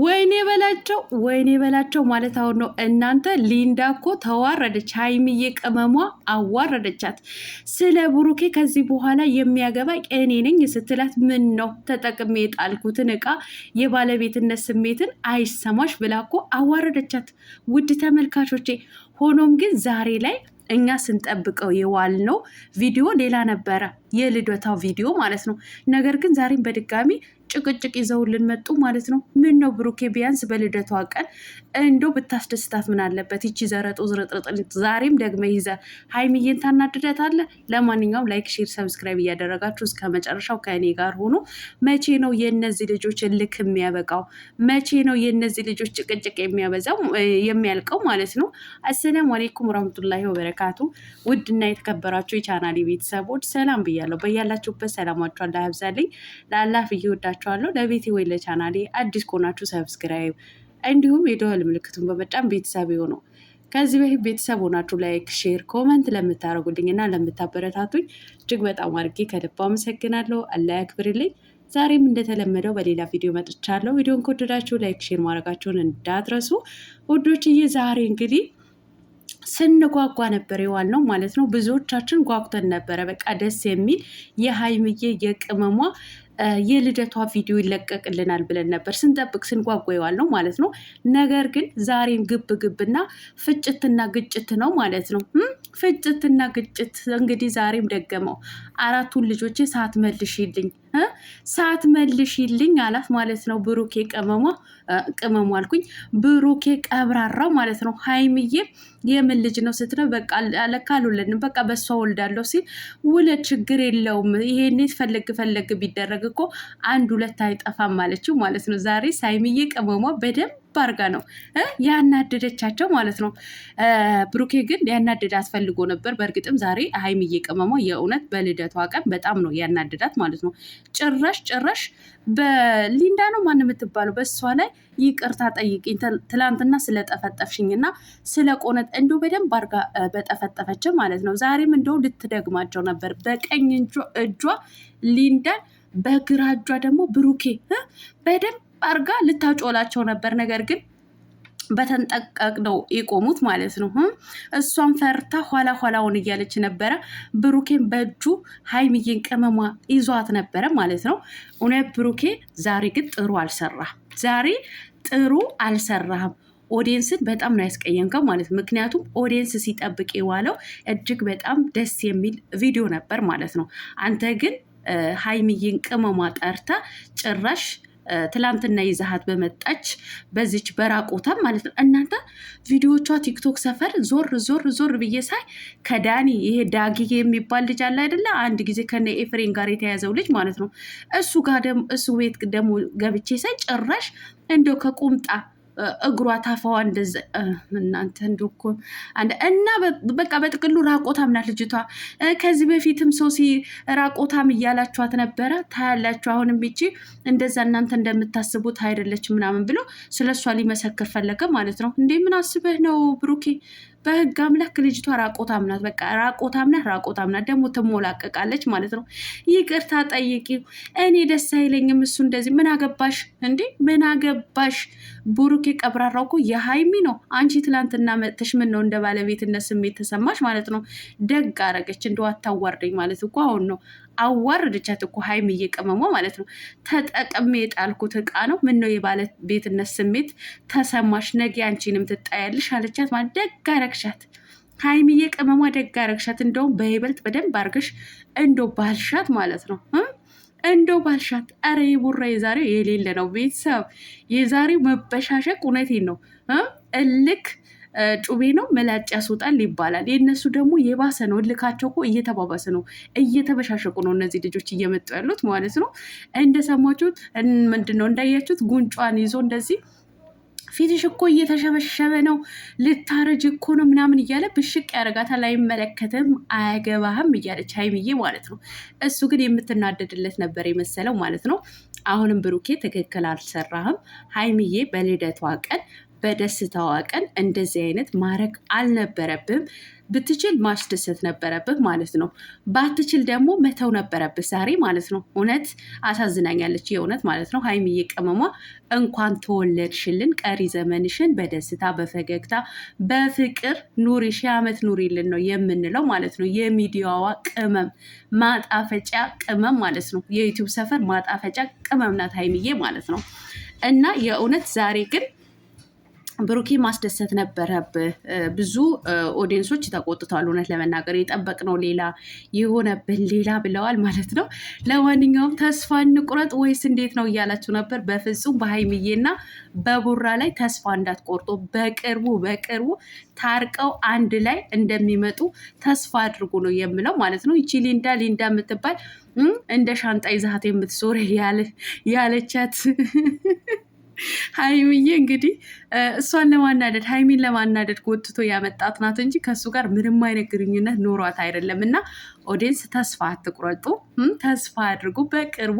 ወይኔ በላቸው ወይኔ በላቸው ማለት አሁን ነው እናንተ። ሊንዳ እኮ ተዋረደች፣ ሀይሚዬ ቅመሟ አዋረደቻት። ስለ ብሩኬ ከዚህ በኋላ የሚያገባ እኔ ነኝ ስትላት ምን ነው ተጠቅሜ የጣልኩትን እቃ የባለቤትነት ስሜትን አይሰማሽ ብላ እኮ አዋረደቻት። ውድ ተመልካቾቼ ሆኖም ግን ዛሬ ላይ እኛ ስንጠብቀው የዋልነው ቪዲዮ ሌላ ነበረ፣ የልደታው ቪዲዮ ማለት ነው። ነገር ግን ዛሬም በድጋሚ ጭቅጭቅ ይዘው ልንመጡ ማለት ነው። ምን ነው ብሩኬ፣ ቢያንስ በልደቷ ቀን እንዶ ብታስደስታት ምን አለበት? ይቺ ዘረጦ ዝርጥርጥ ዛሬም ደግመ ይዘ ሀይሚዬን ታናድደት አለ። ለማንኛውም ላይክ፣ ሼር፣ ሰብስክራይብ እያደረጋችሁ እስከ መጨረሻው ከእኔ ጋር ሆኖ መቼ ነው የእነዚህ ልጆች ልክ የሚያበቃው? መቼ ነው የእነዚህ ልጆች ጭቅጭቅ የሚያበዛው የሚያልቀው ማለት ነው። አሰላሙ አሌይኩም ወረህመቱላሂ ወበረካቱ። ውድና የተከበራችሁ የቻናሌ ቤተሰቦች ሰላም ብያለሁ። በያላችሁበት ሰላማችሁ አላህ ያብዛልኝ። ለአላፍ ብዬ እላችኋለሁ። ለቤቴ ወይ ለቻናሌ አዲስ ከሆናችሁ ሰብስክራይብ፣ እንዲሁም የደወል ምልክቱን በመጫን ቤተሰብ የሆኑ ከዚህ በፊት ቤተሰብ ሆናችሁ ላይክ፣ ሼር፣ ኮመንት ለምታደርጉልኝ እና ለምታበረታቱኝ እጅግ በጣም አድርጌ ከልባ አመሰግናለሁ። አላህ ያክብርልኝ። ዛሬም እንደተለመደው በሌላ ቪዲዮ መጥቻለሁ። ቪዲዮን ከወደዳችሁ ላይክ፣ ሼር ማድረጋችሁን እንዳትረሱ ውዶችዬ። ዛሬ እንግዲህ ስንጓጓ ነበር የዋልነው ማለት ነው። ብዙዎቻችን ጓጉተን ነበረ። በቃ ደስ የሚል የሀይምዬ የቅመሟ የልደቷ ቪዲዮ ይለቀቅልናል ብለን ነበር ስንጠብቅ ስንጓጓ ነው ማለት ነው። ነገር ግን ዛሬም ግብ ግብና ፍጭትና ግጭት ነው ማለት ነው። ፍጭትና ግጭት እንግዲህ ዛሬም ደገመው። አራቱን ልጆቼ ሰዓት መልሽልኝ፣ ሰዓት መልሽልኝ አላት ማለት ነው ብሩኬ ቀመሟ ቅመሙ አልኩኝ። ብሩኬ ቀብራራው ማለት ነው። ሀይምዬ የምን ልጅ ነው ስትለው በቃ አለካ በቃ በእሷ ወልዳለሁ ሲል ውለድ ችግር የለውም ይሄኔ ፈለግ ፈለግ ቢደረግ እኮ አንድ ሁለት አይጠፋም ማለችው ማለት ነው። ዛሬ ሳይምዬ ቅመሟ በደንብ ባርጋ ነው ያናደደቻቸው ማለት ነው። ብሩኬ ግን ያናደድ አስፈልጎ ነበር። በእርግጥም ዛሬ ሀይም እየቀመመ የእውነት በልደቷ ቀን በጣም ነው ያናደዳት ማለት ነው። ጭራሽ ጭራሽ በሊንዳ ነው ማን የምትባለው በእሷ ላይ ይቅርታ ጠይቅኝ ትላንትና ስለጠፈጠፍሽኝና ቆነት እንዲሁ በደንብ አርጋ በጠፈጠፈችን ማለት ነው። ዛሬም እንደው ልትደግማቸው ነበር በቀኝ እጇ ሊንዳን በግራ እጇ ደግሞ ብሩኬ በደንብ አርጋ ልታጮላቸው ነበር። ነገር ግን በተንጠቀቅ ነው የቆሙት ማለት ነው። እሷን ፈርታ ኋላ ኋላውን እያለች ነበረ። ብሩኬን በእጁ ሀይሚዬን ቅመሟ ይዟት ነበረ ማለት ነው። እውነት ብሩኬ ዛሬ ግን ጥሩ አልሰራ፣ ዛሬ ጥሩ አልሰራህም። ኦዲየንስን በጣም ነው ያስቀየምከው ማለት ነው። ምክንያቱም ኦዲየንስ ሲጠብቅ የዋለው እጅግ በጣም ደስ የሚል ቪዲዮ ነበር ማለት ነው። አንተ ግን ሀይሚዬን ቅመሟ ጠርታ ጭራሽ ትላንትና ይዛሃት በመጣች በዚች በራቆታ ማለት ነው። እናንተ ቪዲዮቿ ቲክቶክ ሰፈር ዞር ዞር ዞር ብዬ ሳይ ከዳኒ ይሄ ዳጊ የሚባል ልጅ አለ አይደለ? አንድ ጊዜ ከነ ኤፍሬን ጋር የተያዘው ልጅ ማለት ነው። እሱ ጋር እሱ ቤት ደግሞ ገብቼ ሳይ ጭራሽ እንደው ከቁምጣ እግሯ ታፋዋ እንደዚ እናንተ እንደው እኮ እና በቃ በጥቅሉ ራቆታም ናት ልጅቷ። ከዚህ በፊትም ሰውሲ ራቆታም እያላችኋት ነበረ ታያላችሁ። አሁንም ይቺ እንደዛ እናንተ እንደምታስቡት አይደለች ምናምን ብሎ ስለሷ ሊመሰክር ፈለገ ማለት ነው። እንዴ ምን አስበህ ነው ብሩኬ? በህግ አምላክ ልጅቷ ራቆት አምናት፣ በቃ ራቆት አምናት፣ ራቆት አምናት ደግሞ ትሞላቀቃለች ማለት ነው። ይቅርታ ጠይቂ፣ እኔ ደስ አይለኝም እሱ እንደዚህ። ምን አገባሽ እንዴ? ምን አገባሽ? ብሩኬ ቀብራራው እኮ የሀይሚ ነው። አንቺ ትላንትና መጥተሽ ምን ነው እንደ ባለቤትነት ስሜት ተሰማሽ ማለት ነው። ደግ አረገች እንደው አታዋርደኝ ማለት እኮ አሁን ነው አዋርድቻት እኮ ሀይም እየቀመሟ ማለት ነው። ተጠቅሜ የጣልኩት እቃ ነው። ምን ነው የባለ ቤትነት ስሜት ተሰማሽ? ነገ አንቺንም ትጣያለሽ አለቻት። ማለት ደግ አረግሻት ሀይሚዬ ቅመሟ ደግ አረግሻት። እንደውም በይበልጥ በደንብ አርገሽ እንዶ ባልሻት ማለት ነው እንደው ባልሻት። ኧረ የቡራ የዛሬው የሌለ ነው ቤተሰብ የዛሬው መበሻሸቅ እውነቴን ነው እልክ ጩቤ ነው መላጭ ያስወጣል ይባላል። የእነሱ ደግሞ የባሰ ነው። እልካቸው እኮ እየተባባሰ ነው፣ እየተበሻሸቁ ነው እነዚህ ልጆች እየመጡ ያሉት ማለት ነው። እንደሰማችሁት ምንድን ነው እንዳያችሁት ጉንጯን ይዞ እንደዚህ ፊትሽ እኮ እየተሸበሸበ ነው፣ ልታረጅ እኮ ነው ምናምን እያለ ብሽቅ ያደርጋታል። አይመለከትም፣ አያገባህም እያለች ሀይሚዬ ማለት ነው። እሱ ግን የምትናደድለት ነበር የመሰለው ማለት ነው። አሁንም ብሩኬ ትክክል አልሰራህም ሀይሚዬ በልደቷ ቀን በደስታዋ ቀን እንደዚህ አይነት ማድረግ አልነበረብም። ብትችል ማስደሰት ነበረብህ ማለት ነው። ባትችል ደግሞ መተው ነበረብህ ዛሬ ማለት ነው። እውነት አሳዝናኛለች፣ የእውነት ማለት ነው። ሀይሚዬ ቅመሟ እንኳን ተወለድሽልን፣ ቀሪ ዘመንሽን በደስታ በፈገግታ በፍቅር ኑሪ፣ ሺህ ዓመት ኑሪልን ነው የምንለው ማለት ነው። የሚዲያዋ ቅመም ማጣፈጫ ቅመም ማለት ነው። የዩቲዩብ ሰፈር ማጣፈጫ ቅመም ናት ሀይሚዬ ማለት ነው። እና የእውነት ዛሬ ግን ብሩኬ ማስደሰት ነበረብህ። ብዙ ኦዲየንሶች ተቆጥተዋል። እውነት ለመናገር የጠበቅነው ሌላ የሆነብን ሌላ ብለዋል ማለት ነው። ለማንኛውም ተስፋ እንቁረጥ ወይስ እንዴት ነው እያላችሁ ነበር። በፍጹም በሀይሚዬና በቡራ ላይ ተስፋ እንዳትቆርጦ። በቅርቡ በቅርቡ ታርቀው አንድ ላይ እንደሚመጡ ተስፋ አድርጉ ነው የምለው ማለት ነው። ይቺ ሊንዳ ሊንዳ የምትባል እንደ ሻንጣ ይዛት የምትዞር ያለቻት ሀይሚዬ እንግዲህ እሷን ለማናደድ ሀይሚን ለማናደድ ጎትቶ ያመጣት ናት እንጂ ከእሱ ጋር ምንም አይነት ግንኙነት ኖሯት አይደለም። እና ኦዲንስ ተስፋ አትቁረጡ፣ ተስፋ አድርጉ። በቅርቡ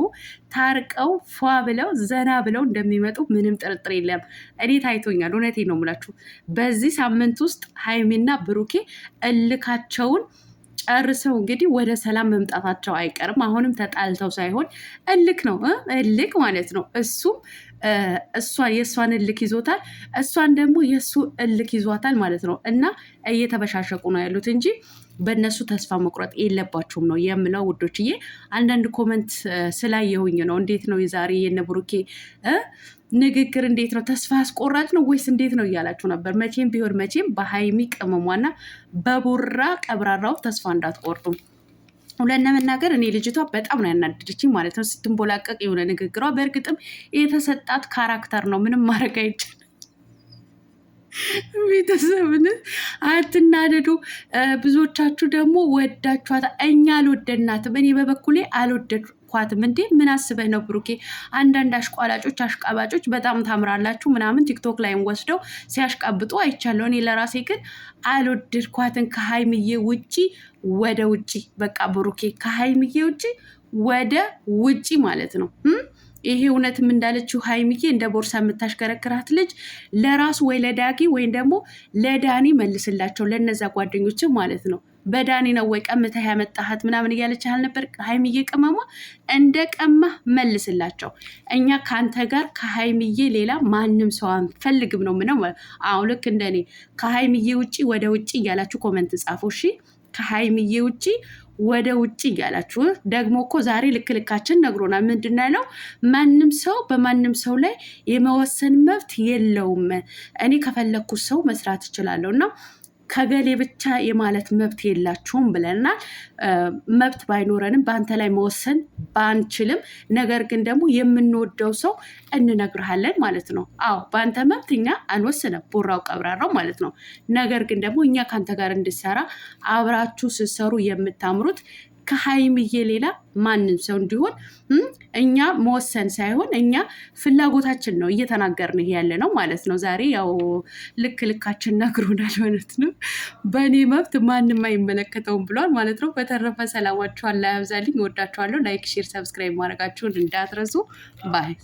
ታርቀው ፏ ብለው ዘና ብለው እንደሚመጡ ምንም ጥርጥር የለም። እኔ ታይቶኛል። እውነቴ ነው የምላችሁ። በዚህ ሳምንት ውስጥ ሀይሚና ብሩኬ እልካቸውን ጨርሰው እንግዲህ ወደ ሰላም መምጣታቸው አይቀርም። አሁንም ተጣልተው ሳይሆን እልክ ነው እልክ ማለት ነው እሱም እሷ የእሷን እልክ ይዞታል፣ እሷን ደግሞ የእሱ እልክ ይዟታል ማለት ነው። እና እየተበሻሸቁ ነው ያሉት እንጂ በእነሱ ተስፋ መቁረጥ የለባችሁም ነው የምለው ውዶችዬ። አንዳንድ ኮመንት ስላየሁኝ ነው። እንዴት ነው የዛሬ የነብሩኬ ብሩኬ ንግግር እንዴት ነው ተስፋ አስቆራጭ ነው ወይስ እንዴት ነው እያላችሁ ነበር። መቼም ቢሆን መቼም በሀይሚ ቅመሟና በቡራ ቀብራራው ተስፋ እንዳትቆርጡም። ሁለን ለመናገር እኔ ልጅቷ በጣም ነው ያናደደችኝ ማለት ነው። ስትንቦላቀቅ የሆነ ንግግሯ በእርግጥም የተሰጣት ካራክተር ነው። ምንም ማድረግ አይቻልም። ቤተሰብን አትናደዱ። ብዙዎቻችሁ ደግሞ ወዳችኋት፣ እኛ አልወደድናትም። እኔ በበኩሌ አልወደድኳትም። እንዴ ምን አስበህ ነው ብሩኬ? አንዳንድ አሽቋላጮች፣ አሽቃባጮች በጣም ታምራላችሁ ምናምን ቲክቶክ ላይም ወስደው ሲያሽቃብጡ አይቻለሁ። እኔ ለራሴ ግን አልወደድኳትን ከሀይምዬ ውጪ ወደ ውጪ በቃ ብሩኬ ከሀይምዬ ውጪ ወደ ውጪ ማለት ነው። ይሄ እውነትም እንዳለችው ሀይሚኬ እንደ ቦርሳ የምታሽከረክራት ልጅ ለራሱ ወይ ለዳጊ ወይም ደግሞ ለዳኒ መልስላቸው፣ ለነዛ ጓደኞች ማለት ነው። በዳኒ ነው ወይ ቀምተህ ያመጣሃት ምናምን እያለች አልነበር? ሀይሚዬ ቅመሟ እንደ ቀማህ መልስላቸው። እኛ ከአንተ ጋር ከሀይሚዬ ሌላ ማንም ሰው አንፈልግም ነው ምነው። አሁን ልክ እንደኔ ከሀይሚዬ ውጭ ወደ ውጭ እያላችሁ ኮመንት ጻፉ እሺ። ከሀይሚዬ ውጭ ወደ ውጭ እያላችሁ ደግሞ እኮ ዛሬ ልክ ልካችን ነግሮናል። ምንድን ነው ማንም ሰው በማንም ሰው ላይ የመወሰን መብት የለውም። እኔ ከፈለግኩት ሰው መስራት እችላለሁ እና ከገሌ ብቻ የማለት መብት የላችሁም ብለናል። መብት ባይኖረንም በአንተ ላይ መወሰን ባንችልም፣ ነገር ግን ደግሞ የምንወደው ሰው እንነግርሃለን ማለት ነው። አዎ በአንተ መብት እኛ አንወስንም፣ ቦራው ቀብራራው ማለት ነው። ነገር ግን ደግሞ እኛ ከአንተ ጋር እንድሰራ አብራችሁ ስትሰሩ የምታምሩት ከሀይምዬ ሌላ ማንም ሰው እንዲሆን እኛ መወሰን ሳይሆን እኛ ፍላጎታችን ነው እየተናገርን ያለ ነው ማለት ነው። ዛሬ ያው ልክ ልካችን ነግሮናል ማለት ነው። በእኔ መብት ማንም አይመለከተውም ብሏል ማለት ነው። በተረፈ ሰላማችኋን ላይ ወዳችኋለሁ። ላይክ፣ ሼር፣ ሰብስክራይብ ማድረጋችሁን እንዳትረሱ ባይ